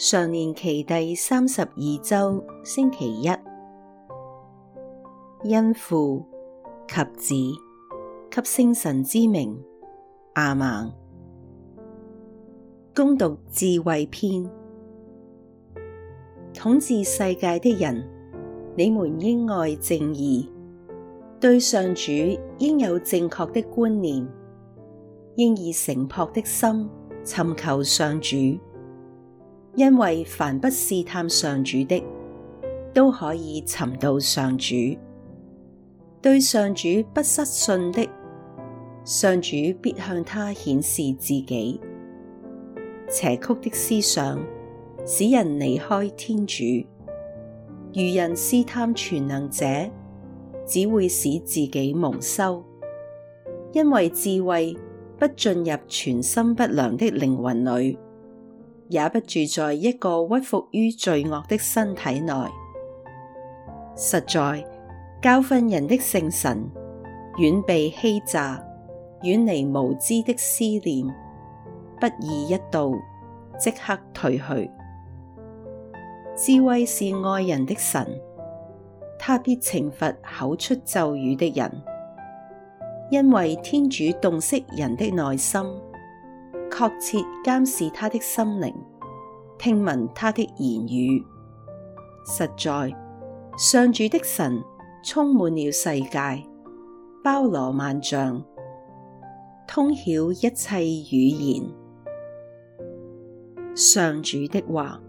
常年期第三十二周，星期一，因父及子及聖神之名，亞孟，恭讀智慧篇，統治世界的人，你們應愛正義，對上主應有正確的觀念，應以誠樸的心尋求上主。因為凡不試探上主的，都可以尋到上主；對上主不失信的，上主必向他顯示自己。邪曲的思想，使人離開天主，愚人試探全能者，只會使自己蒙羞。因為智慧不進入存心不良的靈魂裏。也不住在一個屈服於罪惡的身體內。實在，教訓人的聖神，遠避欺詐，遠離無知的思念，不義一到，即刻退去。智慧是愛人的神，他必懲罰口出咒語的人，因為天主洞悉人的內心。確切監視他的心靈，聽聞他的言語。實在，上主的神充滿了世界，包羅萬象，通曉一切語言。上主的話。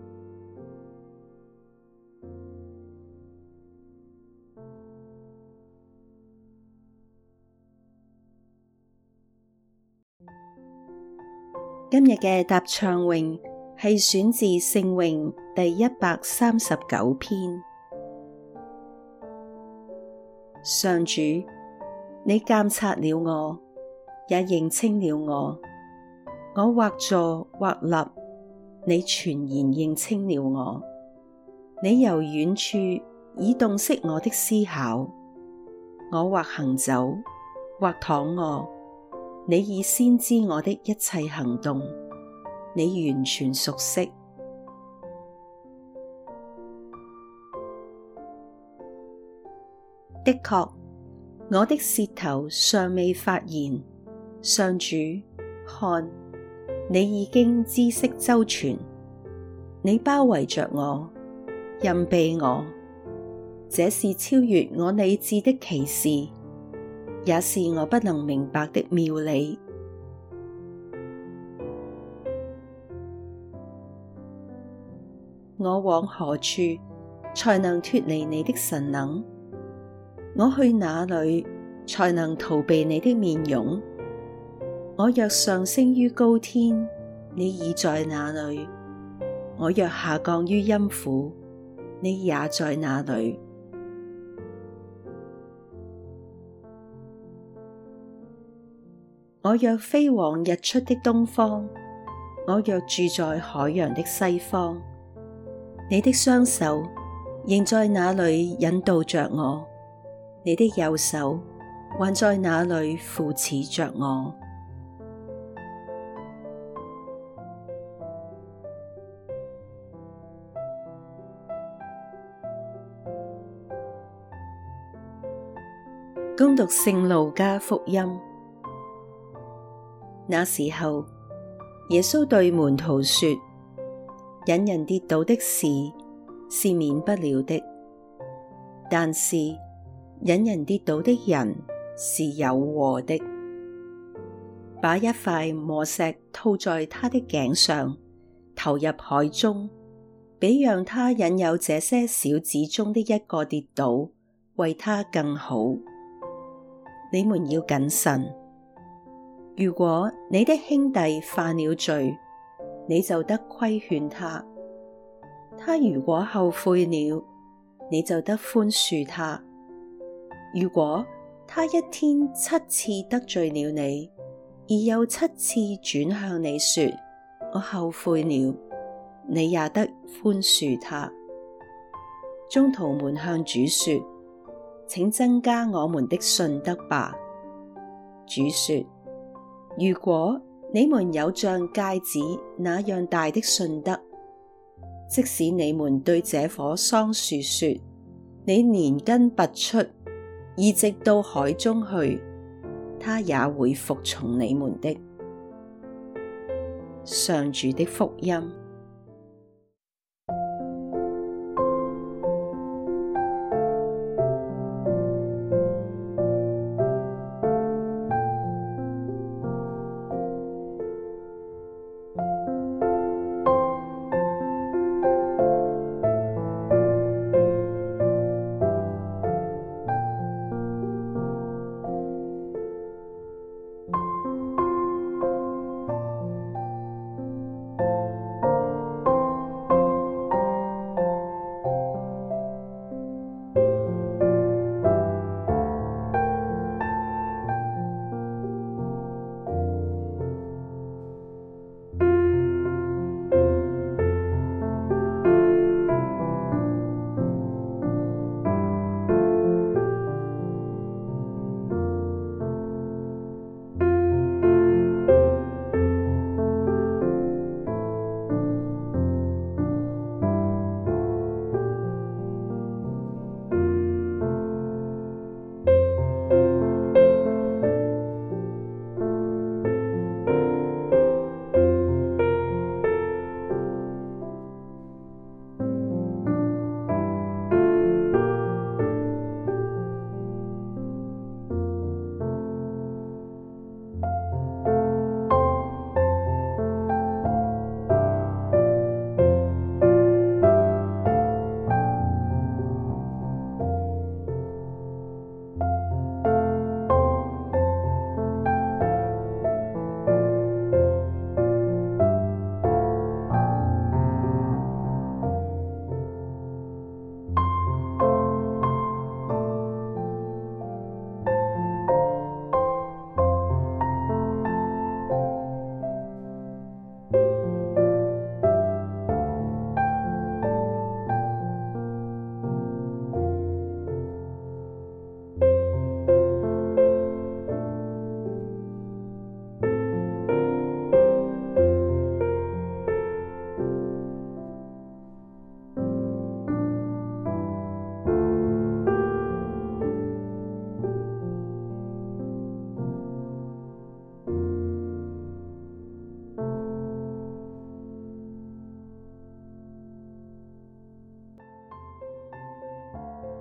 今日嘅答唱詠係選自聖詠第一百三十九篇。上主，你鑒察了我，也認清了我。我或坐或立，你全然認清了我。你由遠處已洞悉我的思考。我或行走，或躺臥。你已先知我的一切行動，你完全熟悉。的確，我的舌頭尚未發言，上主，看，你已經知悉周全，你包圍着我，蔭庇我，這是超越我理智的奇事。也是我不能明白的妙理。我往何處，才能脫離你的神能？我去哪裏，才能逃避你的面容？我若上升於高天，你已在那裏；我若下降於陰府，你也在那裏。我若飛往日出的東方，我若住在海洋的西方，你的雙手仍在那裏引導着我，你的右手還在那裏扶持着我。恭讀聖路加福音。那時候，耶穌對門徒說：引人跌倒的事是，是免不了的，但是引人跌倒的人是有禍的。把一塊磨石套在他的頸上，投入海中，比讓他引誘這些小子中的一個跌倒，為他更好。你們要謹慎。如果你的兄弟犯了罪，你就得規勸他；他如果後悔了，你就得寬恕他。如果他一天七次得罪了你，而又七次轉向你說，我後悔了，你也得寬恕他。宗徒們向主說：請增加我們的信德吧。主說。如果你們有像芥子那樣大的信德，即使你們對這棵桑樹說：你連根拔出，移植到海中去，它也會服從你們的。上主的福音。